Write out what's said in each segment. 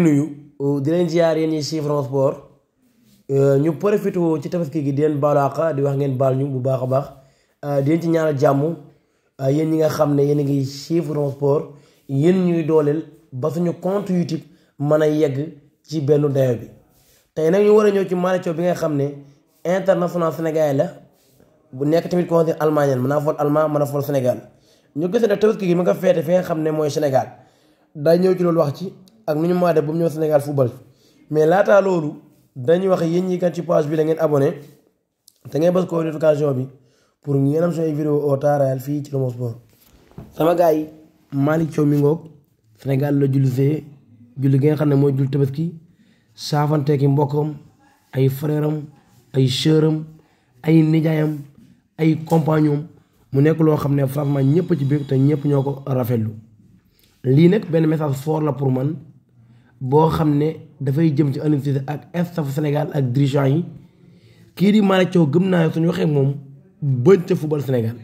nuyu oh, di leen ziar yéen ñi ci France Sport euh, ñu profité ci tabaski gi di leen baalu àq di wax ngeen baal ñu bu baax a baax euh, di leen ci ñaanal jàmm euh, yéen ñi nga xam ne yéen a ngi ci France Sport yéen ñuy dooleel ba suñu compte YouTube mën a yegg ci benn dayo bi tey nag ñu war a ñëw ci Malick bi nga xam ne international sénégalais la bu nekk tamit conseil allemagne mën naa fool allemand mën a fool Sénégal ñu gis ne tabaski gi mi nga feete fi nga xam ne mooy Sénégal ak nu ñu maa def ba mu ñëw Sénégal football mais laataa loolu dañuy wax yéen ñi kat ci page bi la ngeen abonné te ngeen bës ko notification bi pour ngeen am suñu vidéo au temps réel fii ci Lomo Sport. sama gars yi Malick Thiaw ngoog Sénégal la julli see julli gi nga xam ne mooy julli tabaski saafanteeki mbokkam ay frère am ay sœur ay nijaayam ay compagnon mu nekk loo xam ne franchement ñëpp ci biir te ñëpp ñoo ko rafetlu lii nag benn message fort la pour man. boo xam ne dafay jëm ci Aliou Cissé ak staff Sénégal ak dirigeant yi kii di Malick Thiaw gëm naa suñu waxee moom bëñ ca football Sénégal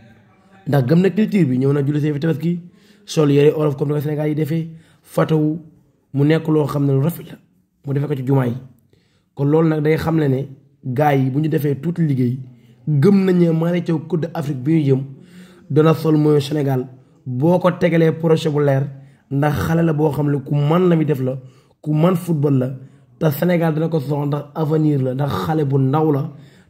ndax gëm na culture bi ñëw na julli see fi tabaski sol yëre olof comme ni ko yi defee fatawu mu nekk loo xam ne lu rafet la mu defee ko ci jumaa yi kon loolu nag day xam ne ne gars yi bu ñu defee tuuti liggéey gëm nañ ne Malick Thiaw Coupe d'Afrique bi ñu jëm dana sol mooy Sénégal boo ko tegalee projet bu leer ndax xale boo xam ne ku man la mi def la ku man football la te Sénégal dina ko soxla ndax avenir la ndax xale bu ndaw la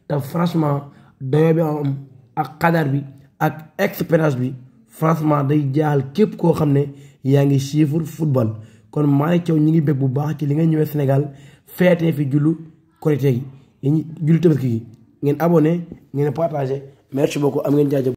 te franchement dayo bi am ak xadar bi ak expérience bi franchement day jaaxal képp koo xam ne yaa ngi suivre football kon Malick Thiaw ñi ngi bég bu baax ci li nga ñëwee Sénégal feetee fi jullu korité gi yi jullu tabaski gi ngeen abonné ngeen partagé merci beaucoup am ngeen jaajëf